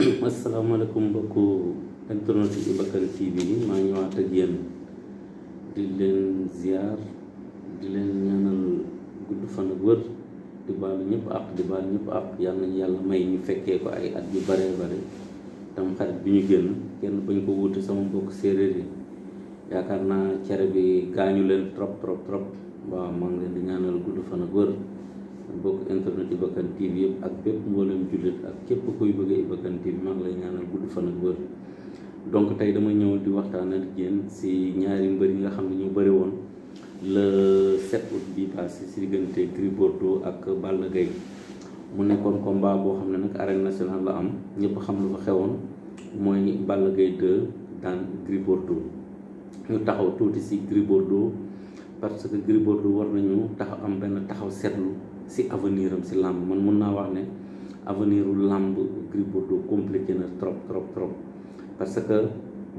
Assalamualaikum mbokku internet yi Iba Kane TV ma maa ñëwaat ak yeen di leen ziar di leen ñaanal guddu fan wër di baal ñëpp ak di baal ñëpp yang yalla ñu yalla may ñu fekke ko ay at yu bare bare tam xarit bi ñu génn kenn bañ ko wuté sama bokk séeréer yi yaakaar naa bi gaañu leen trop trop trop waaw mang ngi leen di ñaanal guddu fan wër bokk internet yi bakkan tv yëpp ak bépp mboolem jullit ak képp koy bëgg yi bakkan tv maa ngi lay ñaanal gudd fan ak wër donc tey dama ñëw di waxtaan ak si ñaari mbër yi nga xam ne ñu bëri woon le 7 août bi passé si diggante Gris Bordeaux ak Balla Gaye mu nekkoon combat boo xam ne nag arène nationale la am ñëpp xam lu fa xewoon mooy Balla Gaye 2 daan Gris ñu taxaw tuuti si Gris Bordeaux parce que Gris Bordeaux war nañu taxaw am benn taxaw seetlu si avenir am si làmb man mun naa wax ne avenir u làmb Gris Bordeaux compliqué na trop trop trop parce que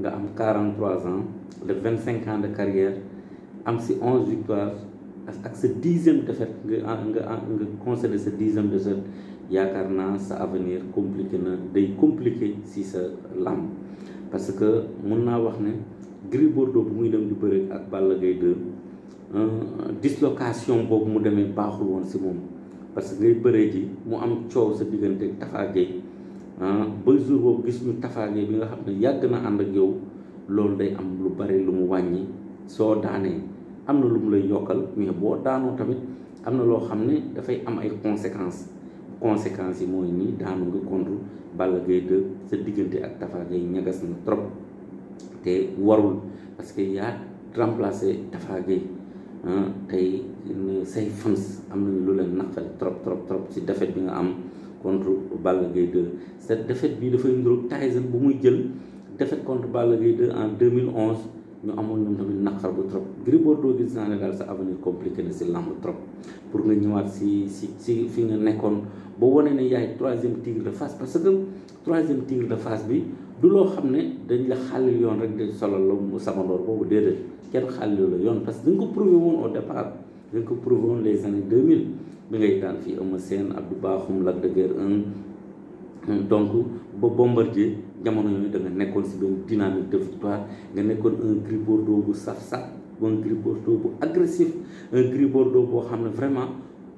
nga am 43 ans de 25 ans de carrière am si 11 victoires ak sa dixième défaite nga nga nga concédé sa dixième défaite yaakaar naa sa avenir compliqué na day compliqué si sa làmb parce que mun naa wax ne Gris Bordeaux bu muy dem di bëre ak Balla Gaye 2 Euh, dislocation boobu mu demee baaxul woon si moom parce que ngay bëree mu am coow sa diggante Tapha Gueye ah, ba jour boobu gis ñu Tapha bi nga xam ne yàgg na ànd ak yow loolu day am lu bari lu mu wàññi soo daanee am na lu mu lay yokkal mais boo daanoo tamit am na loo xam ne dafay am ay conséquences conséquences yi mooy nii daanu nga contre Balla Gaye sa diggante ak Tapha Gueye ñagas na trop te warul parce que yaa remplacé Tapha Gueye tey say fans am na ñu lu leen naqari trop trop trop si défaite bi nga am contre Balla Gaye 2 cette défaite bi dafay nduroog Tyson bu muy jël défaite contre Balla Gaye 2 en 2011 ñu amoon ñoom tamit naqar bu trop Gris Bordeaux gis naa ne daal sa avenir compliqué na si làmb trop pour nga ñëwaat si si si fi nga nekkoon boo wonee ne yaay troisième tigre de Fass parce que troisième tigre de Fass bi du loo xam ne dañ la xàllil yoon rek de solal la mu samandoor boobu déedéet kenn xàllu la yoon parce que da ko prouvé woon au départ da ko prouvé woon les années 2000 bi ngay daan fii Eumeu Sène ak du Lac de Guiers un donc ba Bombardier jamono yooyu da nga nekkoon si benn dynamique de victoire nga nekkoon un Gris Bordeaux bu saf-saf un Gris Bordeaux bu agressif un Gris Bordeaux boo xam ne vraiment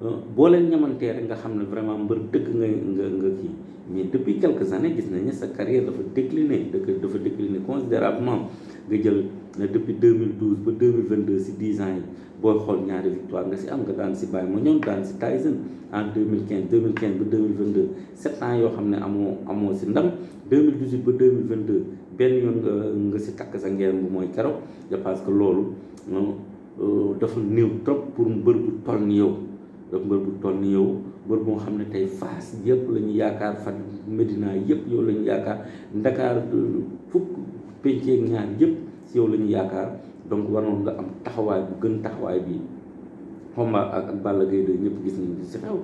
euh, boo leen ñamantee rek nga xam ne vraiment mbër dëkk nga nga nga kii mais depuis quelques années gis nañ sa carrière dafa décliné dafa décliné considérablement nga jël ne depuis 2012 ba 2022 si 10 ans yi booy xool ñaari victoire nga si am nga daan si bàyyi ma ñoom daan si Tyson en 2015 2015 ba 2022 7 ans yoo xam ne amoo amoo si ndam 2018 ba 2022 benn yoon nga nga si takk sa ngeen bu mooy keroog je pense que loolu euh, euh, dafa néew trop pour mbër bu toll ni yow dafa mbër bu toll yow mbër boo xam ne tey Fass yëpp la ñu yaakaar Fatick Medina yëpp yow la ñu yaakaar Ndakaar euh, pencee ñaar yépp ci yow lañu yaakaar donc waroon nga am taxawaay bu gën taxawaay bi xomba ak ak Balla gay 2 ñëpp gis nañu si xew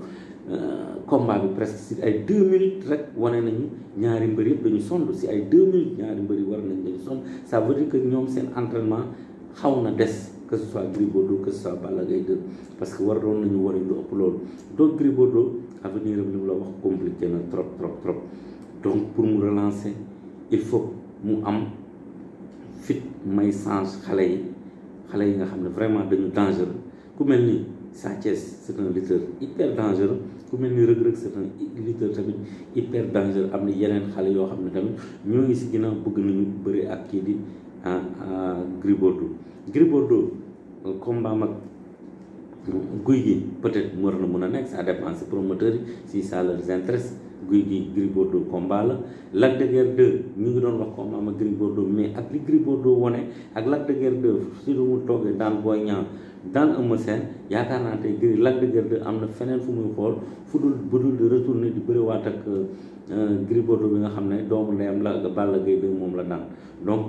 combat bi presque si ay deux minutes rek wane nañu ñaari mbër yëpp dañu sond si ay deux minutes ñaari mbër yi war nañu dañu sond ça veut dire que ñoom seen entraînement xaw na des que ce soit Gris Bordeaux que ce soit Balla Gaye 2 parce que war doon nañu war lu ëpp loolu donc Gris Bordeaux avenir am li mu la wax compliqué na trop trop trop donc pour mu relancer il faut mu am fit may change xale yi xale yi nga xam ne vraiment dañu dangereux ku mel ni Sa Thiès c'est un lutteur hyper dangereux ku mel ni Reug Reug c'est un tamit hyper dangereux am na yeneen xale yoo xam ne tamit ñoo ngi si ginnaaw bëgg nañu bëri ak kii di ah, ah, Gris Bordeaux Gris Bordeaux combat mag guy gi peut-être war na mun a nekk ça dépend si promoteurs yi si ça leur intéresse guy gi Gris Bordeaux combat la Lac de ñu ngi doon wax combat ma Gris Bordeaux mais ak li Gris wone ak Lac de Guiers 2 si lu mu toogee daan Boy yaakaar naa te Gris Lac de am na feneen fu muy xool fu dul bu dul di di bëriwaat ak euh, Gris Bordeaux bi nga xam ne doomu ndeyam la Balla Gaye bi moom la daan donc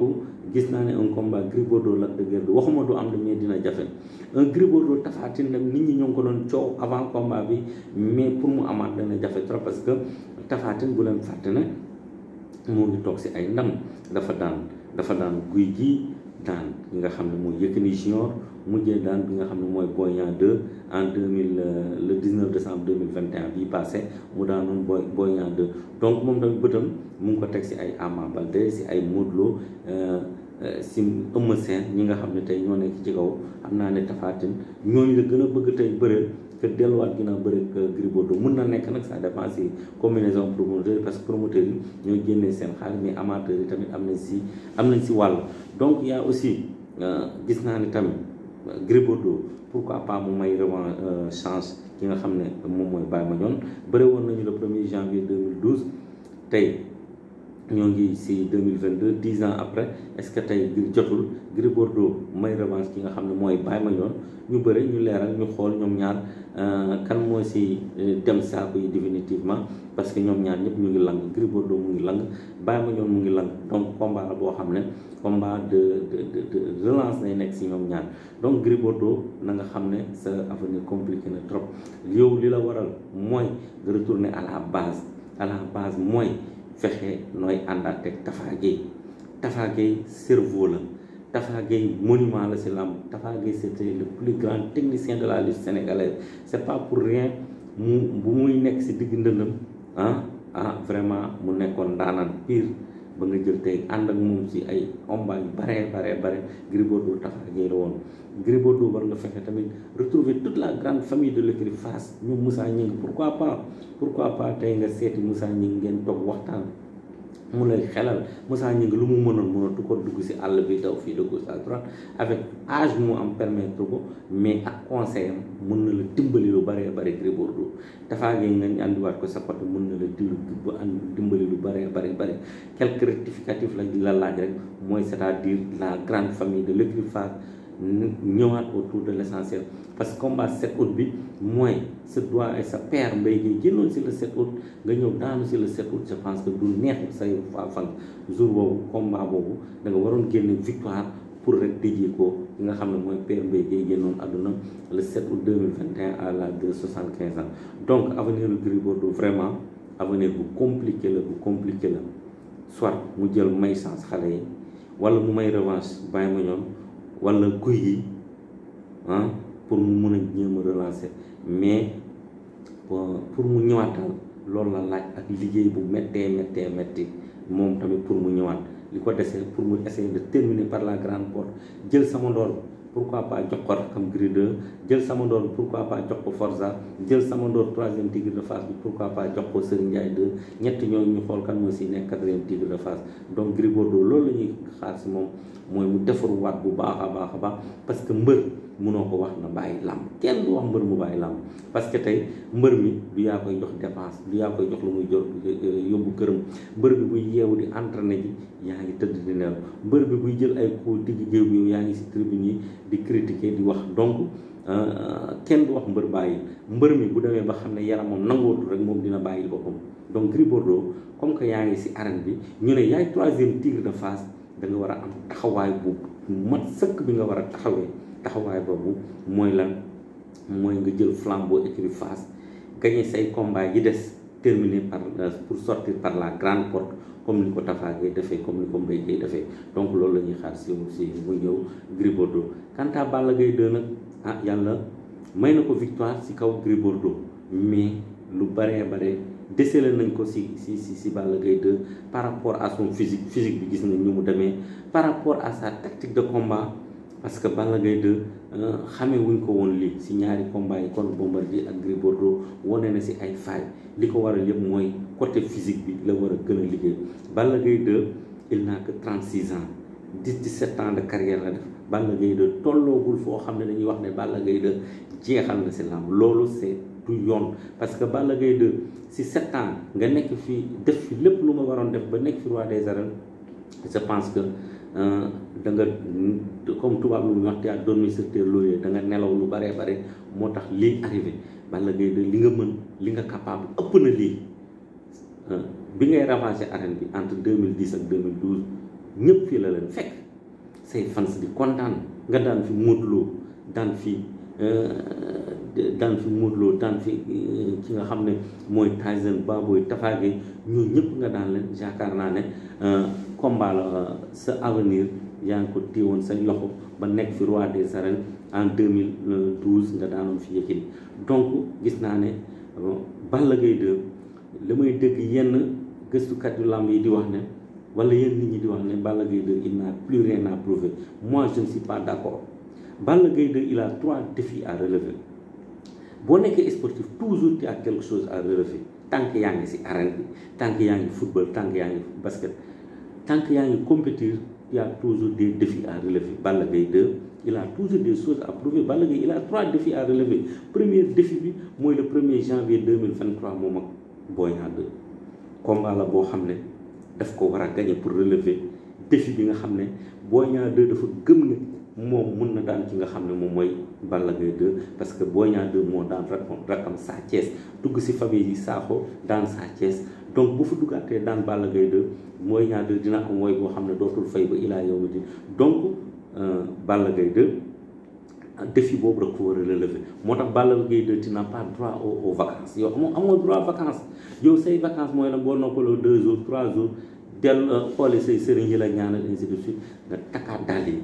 gis naa ne un combat Gris Bordeaux Lac de waxuma du am na mais dina jafe un Gris Bordeaux Tapha Tine nag nit ñi ñoo ngi ko doon coow avant combat bi mais pour mu amaat dana jafe trop parce que Tapha bu leen fàtte ne moo ngi toog si ay ndam dafa daan dafa daan guy gii daan bi nga xam ne mooy Yékini Junior mujjee daan bi nga xam ne mooy Boy Niang 2 en 2000 euh, le 19 décembre 2021 bii passé mu daanoon Boy Boy Niang 2 donc moom tamit bëtam mu ngi ko teg si ay Ama Baldé si ay Modou euh, Euh, si Eumeu Sène ñi nga xam ne tey ñoo nekk ci kaw am naa ne Tapha Tine la gën a bëgg tey bëreel que delluwaat ginnaaw bëre ak euh, Gris Bordeaux mën na nekk nag ça dépend si combinaison promoteur parce que promoteur yi ñoo génnee seen xaalis mais amateurs yi tamit am nañ si am nañ si wàll donc y a aussi euh, gis naa ne tamit Gris Bordeaux pourquoi pas mu may revan chance ki nga xam ne moom mooy Baye Mandione bëre woon nañu le premier janvier tey ñoo ngi si 2022 10 ans après est-ce que tey jotul Gris Bordeaux may revanche ki nga xam ne mooy bàyyi ma yoon ñu bëri ñu leeral ñu xool ñoom ñaar euh, kan moo si euh, dem saako yi définitivement parce que ñoom ñaar ñëpp ñu ngi lang Gris Bordeaux mu ngi lang bàyyi ma yoon mu ngi lang donc combat la boo xam ne combat de de de relance si ñoom ñaar donc Gris Bordeaux na nga xam ne sa avenir compliqué na trop yow li la waral mooy de retourner à la base à la base mooy. fexe nooy àndaat ak Tafa Gueye Tafa Gueye cerveau la Tafa Gueye monument la si làmb Tafa Gueye c'était le plus grand technicien de la lutte sénégalaise c'est pas pour rien mu bu muy nekk si digg ndëndam ah ah vraiment mu nekkoon ndaanaan pire ba nga jël tey ànd ak moom si ay omba yu baree baree bare Gris Bordeaux Tapha Gueye la woon Gris Bordeaux war nga fexe tamit retrouver toute la grande famille de l'écurie Fass ñoom Moussa Gningue pourquoi pas pourquoi pas tey nga seeti Moussa Gningue ngeen toog waxtaan mu lay xelal Moussa Gningue lu mu mënoon du ko dugg si àll bi daw fii de gauche à droite avec âge mu am permettre ko mais ak conseil am mën na la dimbali lu bëree bëri Gris Bordeaux dafaa ngeen nga àndiwaat ko sa côté mën na la dimbali bu ànd dimbali lu bëree bëri bëri quelque rectificatif la la laaj rek mooy c'est-à-dire la grande famille de l'équipe ñëwaat autour de l' essentiel parce que combat 7 août bi mooy sa doigt ay sa père mbay gi génnoon si le 7 août nga ñëw daanu si le 7 août je pense que du neex say fan jour boobu combat boobu da nga waroon génne victoire pour rek déjee ko nga xam ne mooy père mbay gi génnoon àdduna le 7 août 2021 à l'âge de 75 ans donc avenir du Gris Bordeaux vraiment avenir bu compliqué la bu compliqué la soit mu jël may chance xale yi wala mu may revanche bàyyi ma wala guy yi ah pour mu mun a jéem a relancer mais pour mu ñëwaatal loolu la laaj ak liggéey bu méttee méttee métti moom tamit pour mu ñëwaat li ko desee pour mu essayer de terminer par la grande porte jël sama ndoor pourquoi pas jox ko rakam Gris 2 jël sama ndoor pourquoi pas jox ko Forza jël sama ndoor troisième tigre de Fass bi pourquoi pas jox ko Serigne Ndiaye 2 ñett ñooñu ñu xool kan moo si nekk quatrième tigre de Fass donc Gris Bordeaux loolu la ñuy xaar moom mooy mu defaruwaat bu baax a baax a baax parce que mbër munoo ko wax na bàyyi làmb kenn bu wax mbër mu bàyyi làmb parce que tey mbër mi du yaa koy jox dépense du yaa koy jox lu muy jor euh, yóbbu këram mbër bi buy yeewu di entraîné ji yaa ngi tëdd di nelaw mbër bi buy jël ay ko digg géew bi yaa ngi si tribune yi di critiquer di wax donc euh, kenn du wax mbër bàyyi mbër mi bu demee ba xam ne yaramam nangootu rek moom dina bàyyi boppam donc Gris Bordeaux comme que yaa ngi si arène bi ñu ne yaay troisième de Fass da war a am taxawaay bu mat sëkk bi nga war a taxawee taxawaay boobu mooy lan mooy nga jël flambeau écurie Fass gagné say combat yi des terminé par euh, pour sortir par la grande porte comme ni ko Tapha Gueye defee comme ni ko Mbaye Gueye defee donc loolu la xaar si si mu ñëw Gris Bordeaux quant à Balla Gaye 2 nag ah yàlla may na ko victoire si kaw Gris Bordeaux mais lu baree bare décelé nañ ko si si si si Balla Gaye par rapport à son physique physique bi gis nañ ñu mu demee par rapport à sa tactique de combat parce que Balla Gaye 2 euh, xamee wuñ ko woon lii si ñaari combat yi kon Bombardier ak Gris Bordeaux wane na si ay faay li ko waral yëpp mooy côté physique bi la war a gën a liggéey Balla Gaye 2 il n'a que 36 ans 17 ans de carrière la def Balla Gaye 2 tolloogul foo xam ne dañuy wax ne Balla ngay 2 jeexal na si làmb loolu du yoon parce que Balla Gaye 2 si sept ans nga nekk fii def fi lépp lu ma waroon def ba nekk fi roi des arènes je pense que euh, da nga comme tubaab lu ñuy wax te a dormi sur tes lauriers da nga nelaw lu baree bare moo tax lii arrivé Balla Gaye 2 li nga mën li nga capable ëpp na lii euh, bi ngay ravager arène bi entre 2010 ak 2012 ñëpp fii la leen fekk say fans di kontaan nga daan fi Modou Lo daan fii daan fi Modou Lo daan fi ki nga xam ne mooy Tyson Baboy Tapha Gueye ñooñu ñëpp nga daan leen yaakaar naa ne combat la sa avenir yaa ngi ko téewoon say loxo ba nekk fi roi des arènes en 2012 nga daanoon fi Yékini donc gis naa ne Balla Gaye 2 li may dëgg yenn gëstukat yu làmb yi di wax ne wala yenn nit ñi di wax ne Balla Gaye 2 il n'a plus rien à prouver moi je ne suis pas d'accord Balla Gaye 2 il a trois défis à relever boo nekkee sportif toujours tu as quelque chose à relever tant que y es si arène tant tant que a ngi football tant que a ngi basket tant que tu es compétiteur, il y a toujours des défis à relever Balla Gaye 2 il a toujours des choses à prouver Balla Gaye il a trois défis à relever premier défi bi le le er janvier 2023 moom Boya Boy a 2 combat la boo xam daf ko gagner pour relever défi bi nga xam ne 2 dafa gëm moom mun na daan ki nga xam ne moom mooy Balla Gaye 2 parce que boo Niang 2 moo daan rakam am Sa Thiès tugg si famille yi Sakho daan Sa Thiès donc bu fa duggaatee daan Balla Gaye 2 Boy Niang 2 dina am mooy boo xam ne dootul fay ba ilaa yow mi di donc euh, Balla Gaye 2 défi boobu rek ko war a relever moo tax Balla Gaye 2 n'a pas droit aux vacances yow amoo amoo droit vacances yow say vacances mooy la boo noppaloo deux jours trois jours del euh, xoole say sëriñ yi la ñaanal ainsi de suite nga takkaat daal yi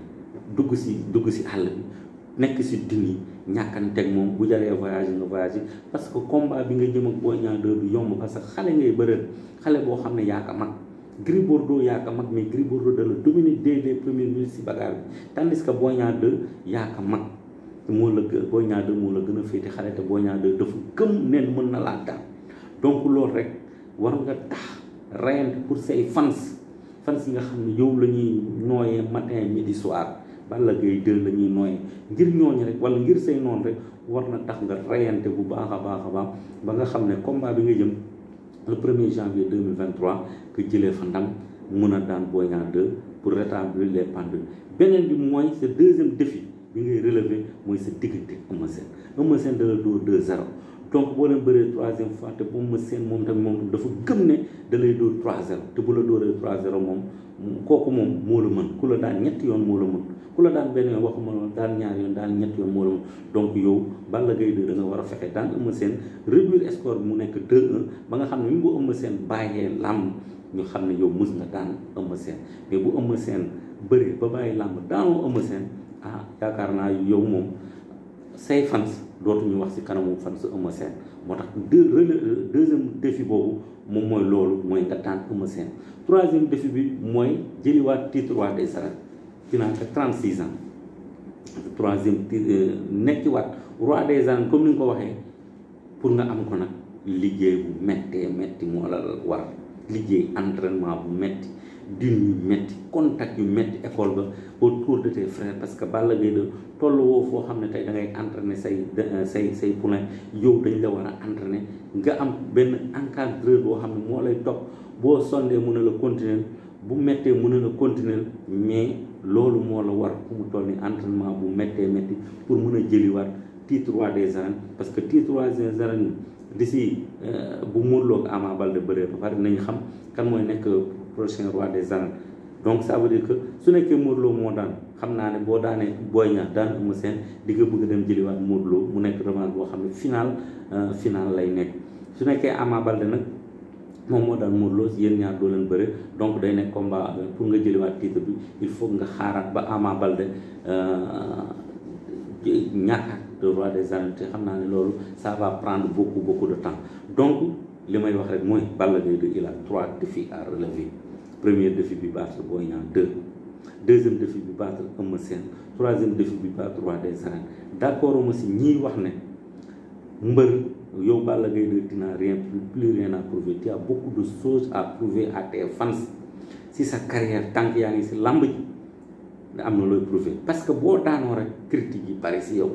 dugg si dugg si àll bi nekk si duni ñàkkanteeg moom bu jaree voyage nga voyage parce que combat bi nga jëm ak Boy Niang du yomb parce que xale ngay bëreel xale boo xam ne yaa ko mag Gris Bordeaux yaa ko mag mais Gris Bordeaux da la dominer dès si bagaar bi que Boy Niang 2 yaa moo la gën Boy Niang moo la gën a féete xale te Boy Niang 2 dafa gëm neen mën na laa daan donc loolu rek war nga tax reyante pour say fans fans yi nga xam ne yow la ñuy nooyee matin midi soir Balla Gaye 2 la ñuy nooyee ngir ñooñu rek wala ngir say noon rek war na tax nga reyante bu baax a baax a baax ba nga xam ne combat bi nga jëm le premier janvier 2023 que jëlee fa ndam mun a daan Boy Niang 2 pour rétablir les pendules beneen bi mooy sa deuxième defi bi ngay relever mooy sa diggante Eumeu Sène Eumeu seen da la dóor 2 donc boo leen bëree troisième fois te bu ma seen moom tamit moom dafa gëm ne da lay dóor 3-0 te bu la dóoree 3-0 moom kooku moom moo la mën ku la daan ñetti yoon moo la mën ku la daan benn yoon waxuma la daan ñaari yoon daan ñetti yoon moo la mën donc yow Balla Gaye 2 da war a fexe daan Eumeu seen réduire score bi mu nekk 2-1 ba nga xam ne même bu Eumeu Sène bàyyee làmb ñu xam ne yow mës nga daan Eumeu Sène mais bu Eumeu Sène bëree ba bàyyi làmb daanoo Eumeu seen ah yaakaar naa yow moom say fans dootuñu wax si kanamu fan sa Eumeu Sène moo tax deux deuxième défi boobu moom mooy loolu mooy nga daan Eumeu Sène troisième défi bi mooy jëliwaat titre roi des arènes dinaa ko 36 ans troisième euh, nekkiwaat roi des arènes comme ni nga ko waxee pour nga am ko nag liggéey bu méttee métti moo la war liggéey entraînement bu métti dun yu metti contact yu metti école ba tour de tes frères parce que Balla Gaye de toll woo foo xam ne tey da ngay entraîner say euh, say say poulain yow dañ la war a entraîner nga am benn encadreur boo xam ne moo lay topp boo sondee mën a la continuer bu méttee mën a la continuer mais loolu moo la war ku mu toll ni entraînement bu méttee métti pour mën a jëliwaat titre roi des arènes parce que tiit roi des arènes d'ici euh, bu Modou Lo ak Ama Baldé bëree ba pare nañ xam kan mooy nekk prochain roi des arènes donc ça veut que su nekkee Modou moo daan xam naa ne boo daanee Boy Niang daan Eumeu Sène di nga bëgg dem jëliwaat Modou mu nekk revanche boo xam ne final euh, final lay nekk su nekkee Ama Baldé nag moom moo daan Modou Lo yéen ñaar doo leen bëre donc day nekk combat euh, pour nga jëliwaat titre bi il faut nga xaaraat ba Ama Baldé euh, ñàkkaat de roi des arènes te xam naa ne loolu ça va prendre beaucoup beaucoup de temps donc li may wax rek mooy Balla Gaye 2 il a trois premier défi bi battre boo Niang 2 deuxième défi bi battre Eumeu Sène troisième défi bi battre roi des arènes d' accord ma si ñiy wax ne mbër yow Balla Gaye de dina rien plus rien à prouver tu as beaucoup de choses à prouver à tes fans si sa carrière tant yaa ngi si làmb ji da am na looy prouver parce que boo daanoo rek critique yi bari si yow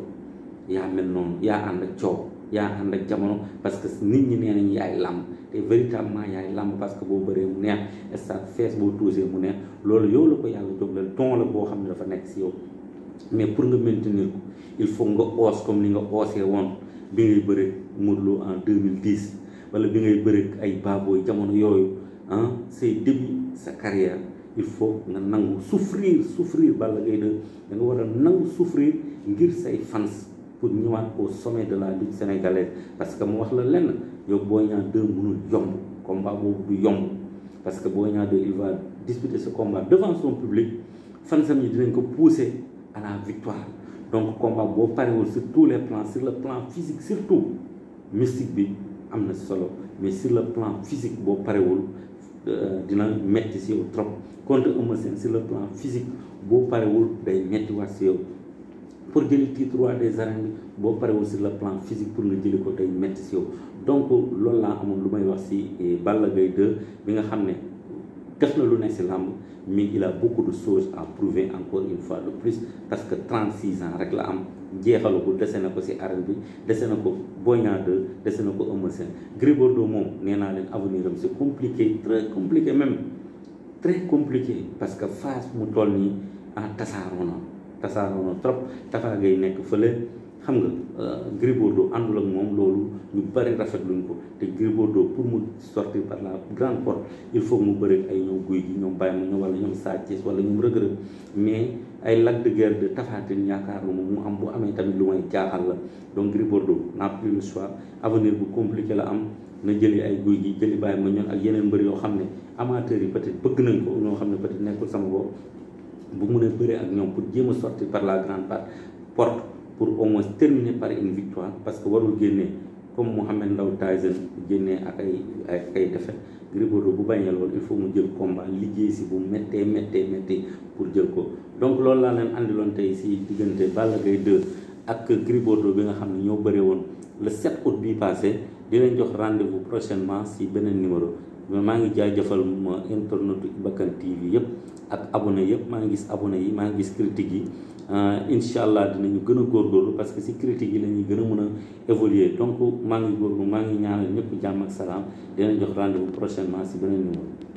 yaa mel noonu yaa ànd ak coow ya ànd ak jamono parce que nit ñi nee yaay lamb té véritablement yaay lamb parce que bo bëree mu neex stade fess bo touser mu neex loolu yow la ko yalla jóglal ton la bo xam dafa nekk ci yow mais pour nga maintenir ko il faut nga os comme ni nga osé won bi ngay ah, bëre Modou en 2010 wala bi ngay bëre ay baabooy jamono yooyu hein ah, c'est début sa carrière il faut nga nangou souffrir souffrir Balla ngay de nga wara nangou souffrir ngir say fans pour au sommet de la lutte sénégalaise parce que moi, wax la lenn yow Boy Niang 2 mënul combat boobu du yom. parce que Boy deux, 2 il va disputer ce combat devant son public fans yi dinañ ko pousser à la victoire donc combat beau parewul sur tous les plans sur le plan physique surtout mystique bi am solo mais sur le plan physique boo parewul euh, dina metti si au trop contre Eumeu sur le plan physique beau parewul day mettiwaat au pour jëli titre roi des arènes boo pare sur la plan physique pour nga jëli ko tey métti si yow donc loolu laa amoon lu may wax si eh, Balla Gaye 2 bi nga xam ne def na lu ne si làmb mais il a beaucoup de choses à prouver encore une fois de plus parce que 36 ans rek la am jeexalu ko dese na ko si arène bi dese na ko Boy Niang 2 dese na ko Eumeu Sène Gris Bordeaux moom nee naa leen avenir am c'est compliqué très compliqué même très compliqué parce que phase mu toll nii en ah, tasaaroo tasaaroo na trop Tafa Gueye nekk fële xam nga euh, Gris Bordeaux àndul ak moom loolu ñu rafet rafetluñ ko te Gris Bordeaux pour mu sortir par la grande porte il faut mu bëri ay ñëw guy gi ñoom bàyyi ma ñoom wala ñoom Sa Thiès wala ñu Reug Reug mais ay lac de guerre de Tapha Tine yaakaar lu mu am bu amee tamit lu may jaaxal la donc Gris Bordeaux n'a plus le choix avenir bu compliqué la am na jëli ay guy gi jëli bàyyi ma ñoon ak yeneen mbër yoo xam ne amateurs yi peut-être bëgg nañ ko ñoo xam ne peut-être sama bopp bu mu a bëree ak ñoom pour jéem a sortir par la grande part porte pour au moins terminer par une victoire parce que warul génnee comme Mohamed ndaw Tyson génnee ak ay ak ay défaite Gris Bordeaux bu bañee loolu il faut mu jël combat liggéey si bu méttee méttee méttee pour jël ko donc loolu laa leen andiloon tey si diggante Balla Gaye 2 ak Gris bi nga xam ne ñoo bëre woon le 7 août bi passé di leen jox rendez-vous prochainement si beneen numéro mais maa ngi jaajëfal ma internetu Iba Kane TV yëpp ak abonné yëpp maa ngi gis abonné yi maa ngi gis critiques yi euh, incha allah dinañu gën a góorgóorlu parce que si critiques yi la ñuy gën a mën a évoluer donc maa ngi góor góorlu maa ngi ñaanal ñëpp jàmm ak salaam dinañ jox rendez-vous prochainement si beneen numéro.